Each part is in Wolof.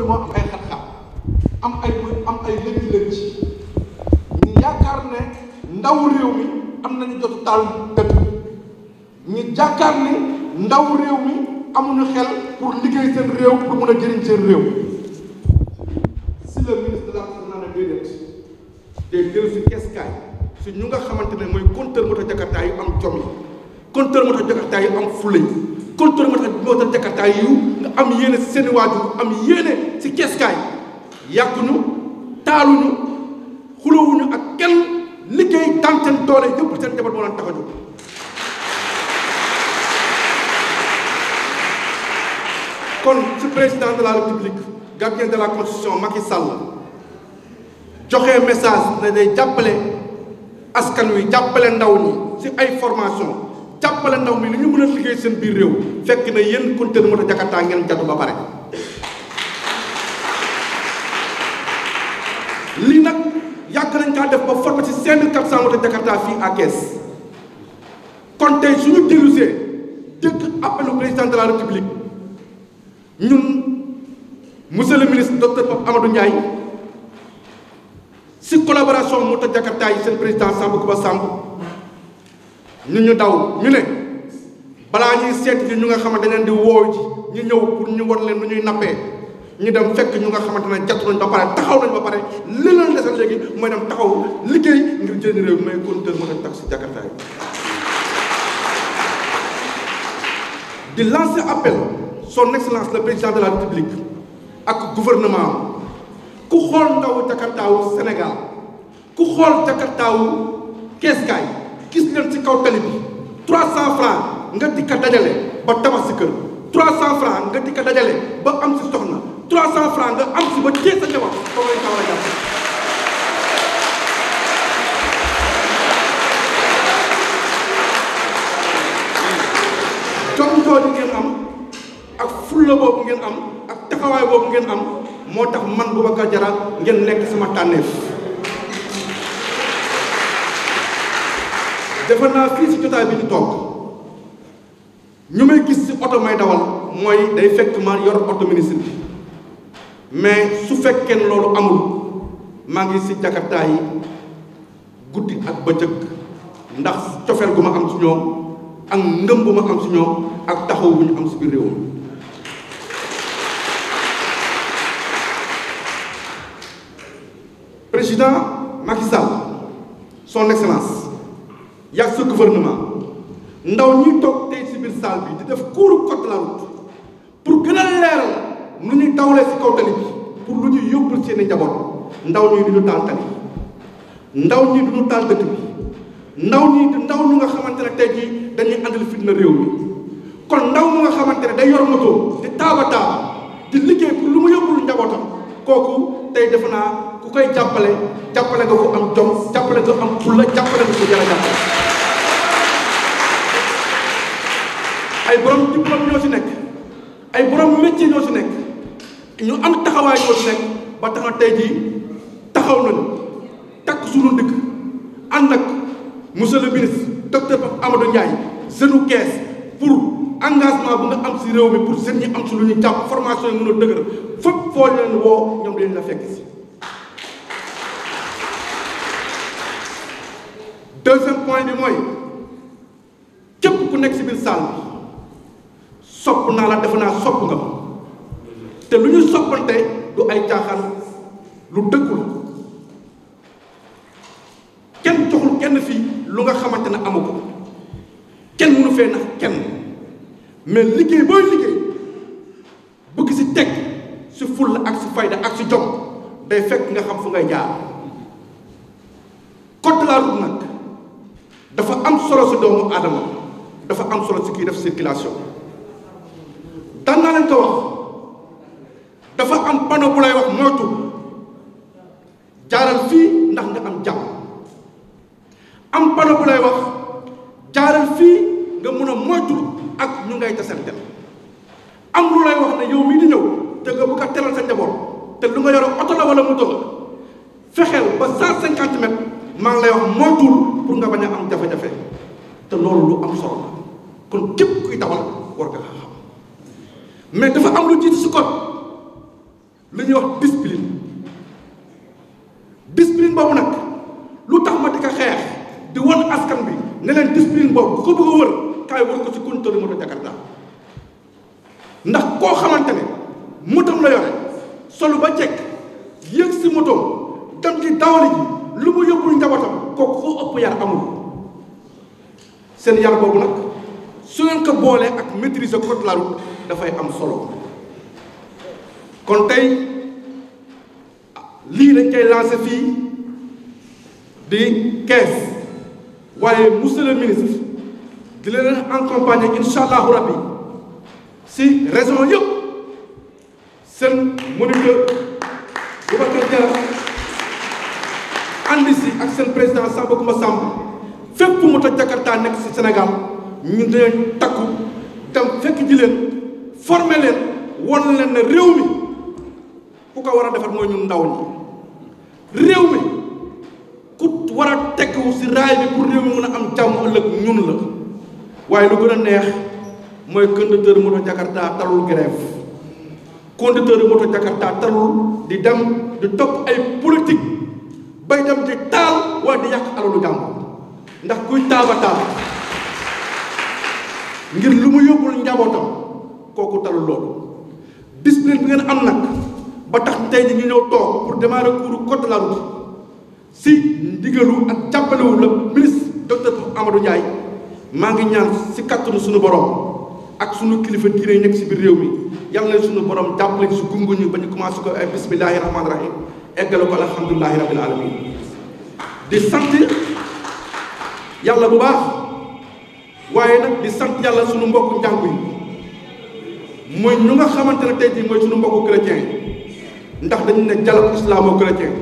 bi moo am ay xat-xat am ay am ay lëj-lëj ñu yaakaar ne ndawu réew mi am nañu jotu taal dëkk ñu jàkkaar ni ndaw réew mi amuñu xel pour liggéey seen réew pour mun a jëriñ seen réew si le ministre de la naa ne déedéet day jël si keskaay si ñu nga xamante ne mooy compteur moto jakarta yu am jom yi compteur moto yu am fulla culture moo tax moo tax Jakarta yiw a jóg kon su président de la république gardien de la constitution Macky Sall joxe message ne day jàppale askan wi jàppale ndaw ñi si ay formation jàppale ndaw mi li ñu mën a liggéey seen biir réew fekk na yéen conteneur moto Jakarta ngeen jatu ba pare lii nag yàgg nañ kaa def ba formé ci seen mille quatre cent moto Jakarta fii à kon tey suñu dellusee dëkk appelu président de la ñun monsieur le ministre docteur Pape Amadou Ndiaye si collaboration moto Jakarta yi seen président Samba Kuba Samb ñu ñu daw ñu ne balaa ñuy seet ji ñu nga xamante ne di woow ji ñu ñëw pour ñu war leen nu ñuy nappee ñu dem fekk ñu nga xamante ne jàpp nañ ba pare taxaw nañ ba pare li leen desal léegi mooy dem taxaw liggéey ngir jënd réew may conducteur mën a taxi Jakarta yi di lancer appel son excellence le président de la république ak gouvernement ku xool ndawu jakartaawu Sénégal ku xool jakartaawu keeskaay kaw tali bi 300 francs nga di ko dajale ba tabax si kër 300 francs nga di dajale ba am si soxna 300 francs nga am si ba téye sa jabar foofu lañ a jàpp jom jooju ngeen am ak fulla boobu ngeen am taxawaay boobu ngeen am moo tax man Boubacar Diarra ngeen nekk sama tànneef defe naa fii si bi ñu toog ñu may gis ci oto may dawal mooy day fekk ma yor oto ministre bi mais su fekkee loolu amul maa ngi si jakartaa yi guddi ak bëccëg ndax cofeel gu ma am si ñoom ak ngëm bu ma am si ñoom ak taxaw am si biir président Macky Sall son excellence yàgg sa gouvernement ndaw ñuy toog tey si biir salle bi di def cours code de la pour gën a leeral nu ñuy dawalee si kaw tali bi pour lu ñuy yóbbul seeni njaboot ndaw ñi duñu taal ndaw ñi duñu taal dëkk bi ndaw ñi ndaw ñu nga xamante ne tey jii dañuy àndal fitna réew mi kon ndaw mu nga xamante ne day yor moto di taaba taaba di liggéey pour lu mu yóbbul njabootam kooku tey defe naa ku koy jàppale jàppale nga ko am jom jàppale nga am fulla jàppale nga ko jar a jàppale ay borom diplôme ñoo ci nekk ay borom métier ñoo ci nekk ñu am taxawaay ñoo ci nekk ba tax tey jii taxaw nañ takk suñu dëkk ànd ak monsieur le ministre docteur Pape Amadou Ndiaye jeune kees pour engagement bu nga am si réew mi pour jeunes ñi am si lu ñu jàpp formation yi mën a dëgër fépp foo leen woo ñoom leen la fekk si deuxième point bi mooy képp ku nekk si biir salle bi sopp naa la defe naa sopp nga ma te lu ñu soppante du ay caaxaan lu dëggu kenn joxul kenn fii lu nga xamante ne amu ko kenn mënu fee nax kenn mais liggéey booy liggéey bëgg si teg si fulla ak si fayda ak si jom day fekk nga xam fu ngay jaar solo si doomu aadama dafa am solo si kii def circulation daan naa leen ko wax dafa am panneau bu lay wax moytu jaaral fii ndax nga am jàmm am panneau bu lay wax jaaral fii nga mun a moytu ak ñu ngay tasanteel am lu lay wax ne yow mii di ñëw te nga bëgg a teral sa njaboot te lu nga yore oto la wala moto la fexeel ba cent cinquante mètres maa ngi lay wax moytuwul pour nga bañ a am jafe-jafe te loolu lu am solo la kon képp kuy dawal war nga xam mais dafa am lu jiitu si code lu ñuy wax discipline discipline boobu nag lu tax ma di ko xeex di won askan bi ne leen discipline boobu ku ko bëgg a wër kaay wër ko si contrôle moto Jakarta ndax koo xamante ne motom la yore solu ba jekk yëg si motom dem ci dawali ji lu mu yóbbul njabootam kooku ko ëpp yar amul seen yar boobu nag su ngeen ko boolee ak maîtriser code la dafay am solo kon tey lii dañ koy lancé fii di 15 waaye monsieur ministre di leen accompagner incha allahu rabbi si région yëpp seen moniteur Boubacar Diarra ànd si ak seen président Samba Coumba Samb fépp mu ta Jakarta nekk ci Sénégal ñu dinañ takku dem fekk ji leen former leen won leen ne réew mi ku ko war a defar mooy ñun ndaw ñi réew mi ku war a tekkiwu ci raay bi pour réew mi mën a am jàmm ëllëg ñun la waaye lu gën a neex mooy conducteur moto Jakarta talul grève conducteur moto Jakarta talul di dem di topp ay politique bay dem di taal wala di yàq alalu jàmm ndax kuy taaba taaba ngir lu mu yóbbul njabootam kooku talul loolu discipline bi ngeen am nag ba tax tey di ñu ñëw toog pour démarrer cours code de la route si ndigalu ak jàppalewu la ministre docteur Amadou Ndiaye maa ngi ñaan si kàttanu suñu borom ak suñu kilifa diine yi nekk si biir réew mi yàlla na suñu borom jàppale si gungu ba ñu commencé ko ay bismillahi rahmaani rahim eggale ko alhamdulilahi rabbil alamin di sant yàlla bu baax waaye nag di sant yàlla sunu mbokku njàngu yi mooy ñu nga xamante ne tey jii mooy sunu mbokku chrétien yi ndax dañu ne dialogue islamo-chrétien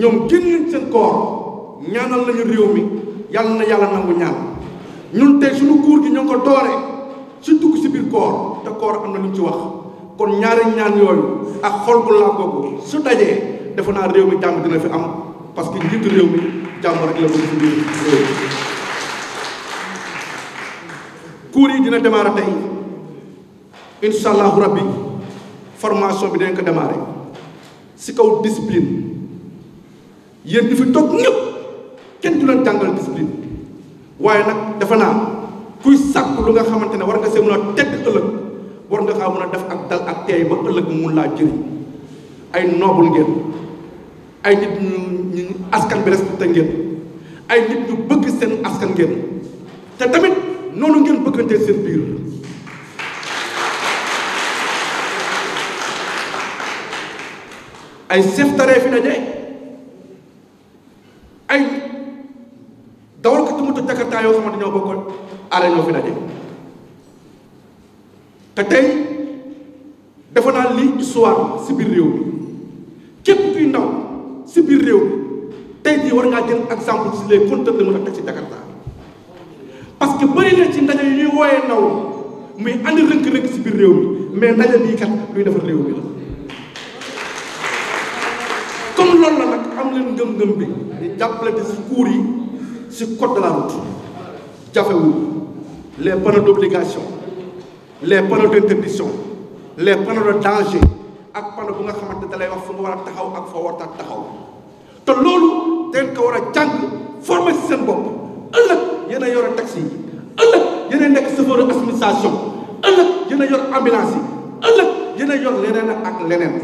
ñoom génn nañ seen koor ñaanal nañu réew mi yàlla na yàlla nangu ñaan ñun tey sunu kuur gi ñoo ko doore si dugg si biir koor te koor am na lu ñu ci wax kon ñaari ñaan yooyu ak xol bu laa kooku su dajee defe naa réew mi jàmm dina fi am parce que njiitu réew mi. jàmm rek la bëgg ci biir cours yi dina démarrer tey incha allahu rabbi formation bi dinañ ko démarrer si kaw discipline yéen ñi fi toog ñëpp kenn du leen jàngal discipline waaye nag dafa naa kuy sàkk lu nga xamante ne war nga see mën a teg ëllëg war nga xaa mën a def ak dal ak teey ba ëllëg mun laa jëriñ ay noobul ngeen ay nit ñu ñu askan bi respecté ngeen ay nit ñu bëgg seen askan ngeen te tamit noonu ngeen bëggante seen biir ay chef taree fi daje ay te tey defe naa li histoire si biir réew mi réew tey jii war ngaa jël ak ci les compteurs de mën a teg ci Jakarta parce que bëri na ci ndaje yi ñuy wooyee ndaw muy andi rënk-rënk ci biir réew mi mais ndaje bii kat luy defar réew mi la. comme loolu la nag am leen ngëm-ngëm bi di jàppalante si cours yi si code de la route jafewul les panneaux d'obligation les panneaux d'interdiction les panneaux danger ak panneau bu nga xamante da lay wax fu nga war a taxaw ak foo war a taxaw. te loolu dañ ko war a jàng former si seen bopp ëllëg yéen a yore taxi yi ëllëg yéen a nekk chauffeur administration ëllëg yéen a yor ambulance yi ëllëg yéen a yor leneen ak leneen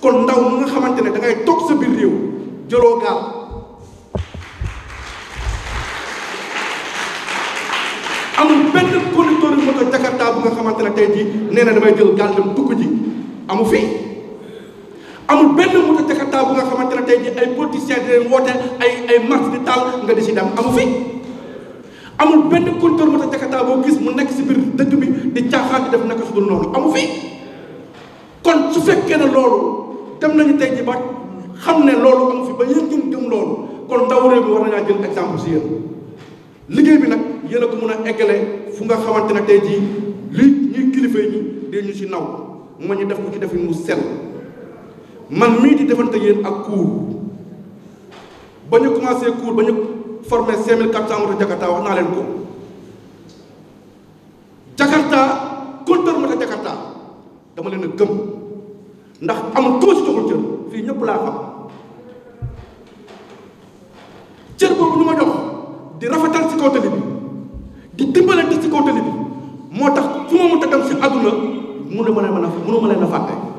kon ndaw mu nga xamante ne da ngay toog sa biir réew jëloo gaal amul benn conducteur moto Jakarta bu nga xamante ne tey jii nee damay jël gaal dem dugg ji amu fi amul benn day woote ay ay marche di taal nga di si dem amu fi amul benn compteur moto Jakarta boo gis mu nekk si biir dëkk bi di caaxaan di def naka su dul noonu amu fi kon su fekkee na loolu dem nañu tey ji ba xam ne loolu amu fi ba yéen ñun loolu kon ndaw réew mi war nañaa jël exemple si yéen liggéey bi nag yéen a ko mën a eggale fu nga xamante ne tey jii li ñuy kilifa yi di ñu si naw ma ñu def ko ci defin mu sell man mii di defante yéen ak kuur ba ñu commencé cours ba ñu formé 5400 moto Jakarta wax naa leen ko Jakarta compteur moto Jakarta dama leen a gëm ndax amul ku ma si joxul cër fii ñëpp laa xam cër boobu ñu ma jox di rafetal ci kaw tali bi di dimbalante ci kaw tali bi moo tax fu ma mënta dem si àdduna mënu ma leen mën a mënu ma leen